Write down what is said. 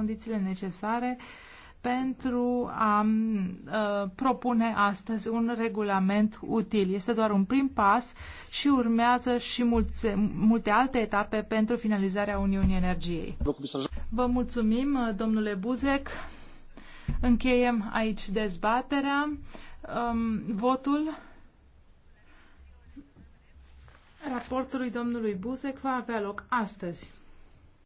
condițiile necesare pentru a uh, propune astăzi un regulament util. Este doar un prim pas și urmează și multe, multe alte etape pentru finalizarea Uniunii Energiei. Vă mulțumim, domnule Buzec. Încheiem aici dezbaterea. Um, votul raportului domnului Buzec va avea loc astăzi.